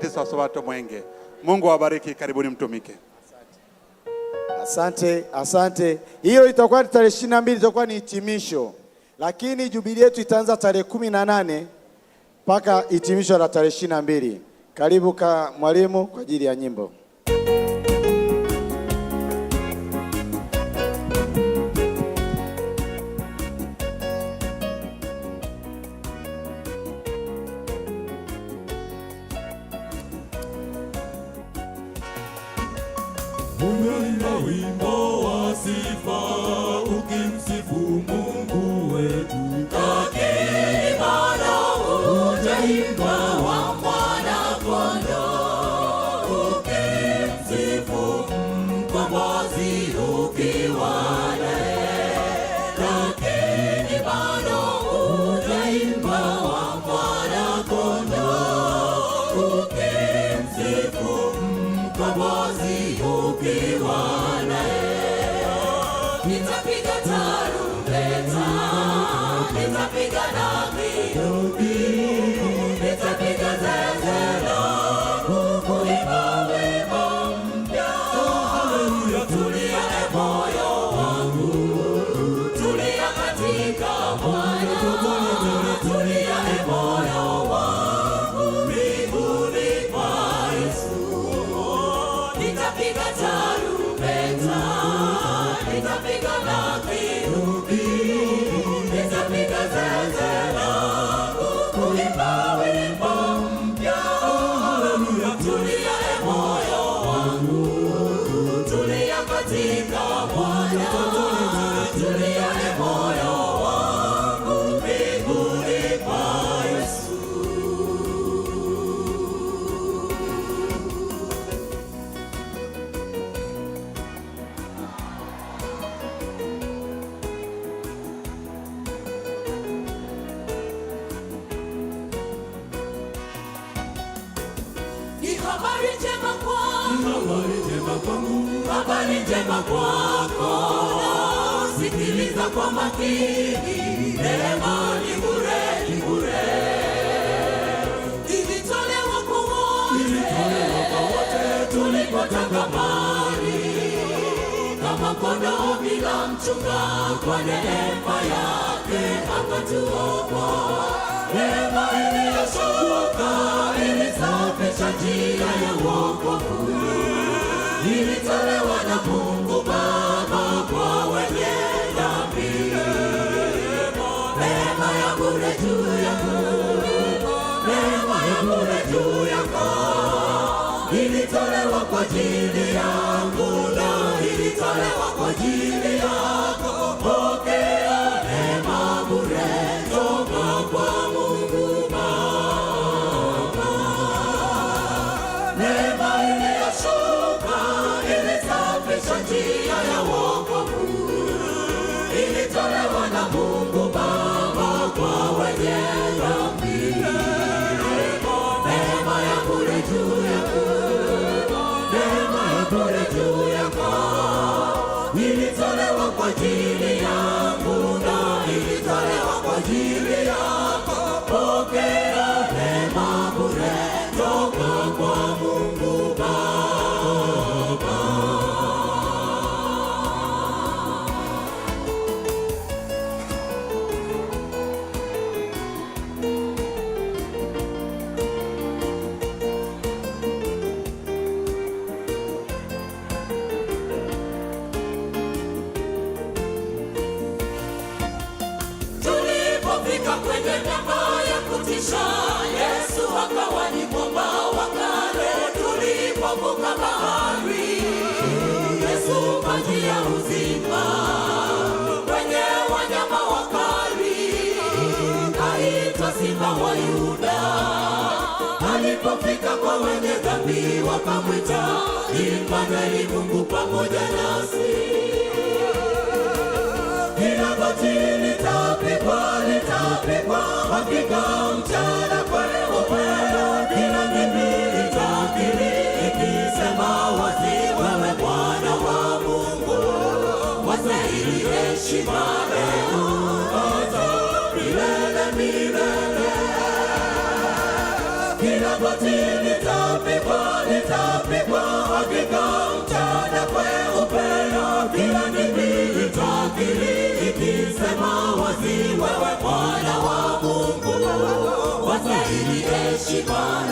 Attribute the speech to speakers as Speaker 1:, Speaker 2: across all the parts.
Speaker 1: Sabato Mwenge. Mungu awabariki, karibuni mtumike.
Speaker 2: Asante, asante. Hiyo itakuwa tarehe ishirini na mbili itakuwa ni hitimisho, lakini jubili yetu itaanza tarehe kumi na nane mpaka hitimisho la tarehe ishirini na mbili. Karibu ka mwalimu kwa ajili ya nyimbo.
Speaker 3: nitapiga tarumbeta, Habari njema kwa habari njema kwako, sikiliza kwa makini. neema ni bure, ni bure, ilitolewa kwa wote tulipotangamani, kama kondoo bila mchunga, kwa neema yake akatuokoa. Neema iliyoshuka ilisafisha njia ya wokovu ilitolewa na Mungu Baba kwa wenye dhambi, neema ya bure juu yako, neema ya bure juu yako ilitolewa kwa ajili njia ya wokovu ilitolewa na Mungu Baba kwa wenye dhambi. Neema ya bure juu yako, neema ya bure juu yako ilitolewa kwa ajili yangu na ilitolewa kwa ajili yako. Pokea wa Yuda. Alipofika kwa wenye dhambi wakamwita Imanueli, Mungu pamoja nasi. Kila goti litapigwa, litapigwa, hakika mchana kwa leo, kila ndimi itakiri ikisema wazi, wewe Bwana wa Mungu wastahili heshima. magoti nitapigwa, nitapigwa hakika mchana kweupe kila ndimi wa Mungu wastahili heshima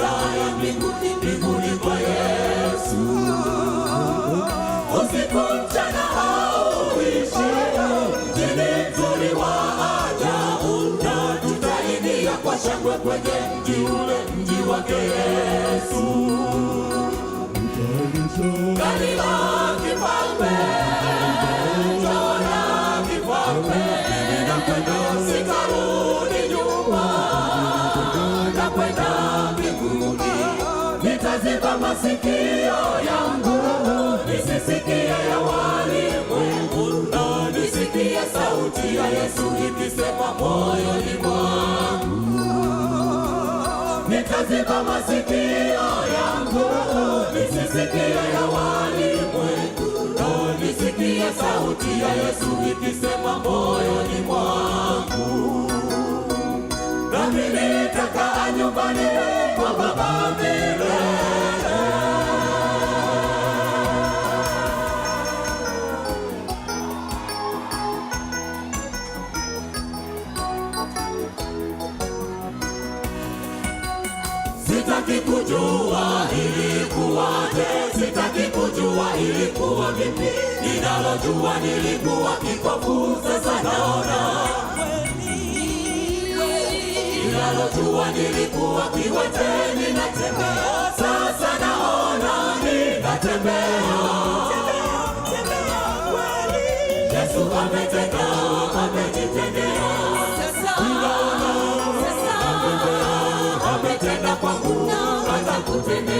Speaker 3: taa ya mbinguni mbinguni kwa Yesu. Usiku mchana hauishi, jini mzuri wa ajabu, na tutaingia kwa shangwe kwenye mji ule, mji wake Yesu. Karibu kifalme masikio yangu nisisikie ya walimwengu, na nisikie sauti ya Yesu ikisema moyoni mwangu. Nitaziba masikio yangu nisisikie ya walimwengu, na nisikie sauti ya Yesu ikisema moyoni mwangu. Nami nitakaa nyumbani kwa Baba. Sikujua ilikuwa vipi, ninalojua nilikuwa kikwafu, sasa naona. Ninalojua nilikuwa kiwete, ninatembea sasa naona, ninatembea. Yesu ametenda, amejitendea, ninaona, ametenda kwangu, atakutendea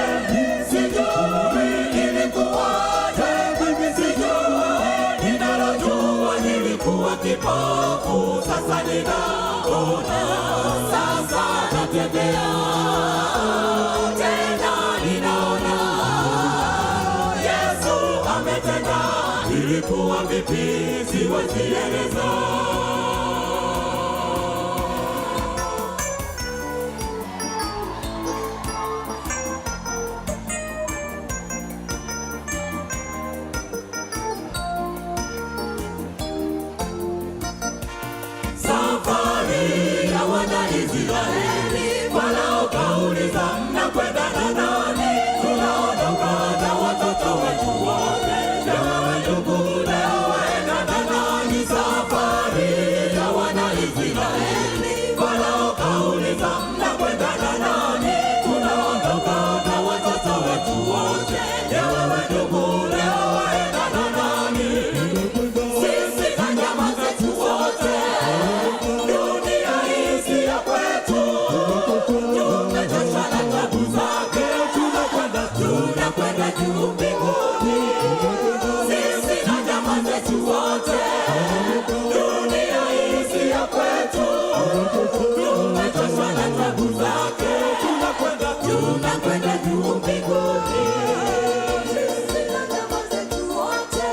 Speaker 3: kipofu, sasa ninaona, sasa natembea tena, ninaona Yesu ametenda. Ilikuwa vipi, siwezi Israeli wanaokauliza mnakwenda na nani? Tunaondoka na watoto wetu wote, ewe ndugu, leo waenda na nani? Sisi na jamaa zetu wote, dunia hii ya kwetu, tumechoshwa na tabu zake, tunakwenda juu mbinguni. tunakwenda juu mbinguni, sina kama zetu wote,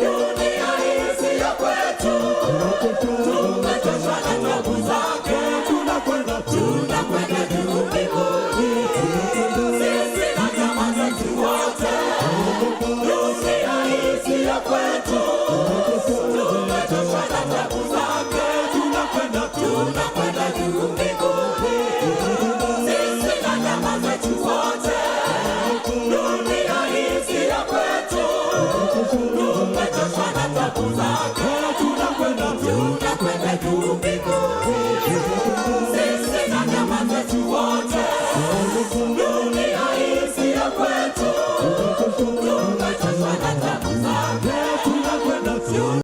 Speaker 3: dunia hii si kwetu 不扎根。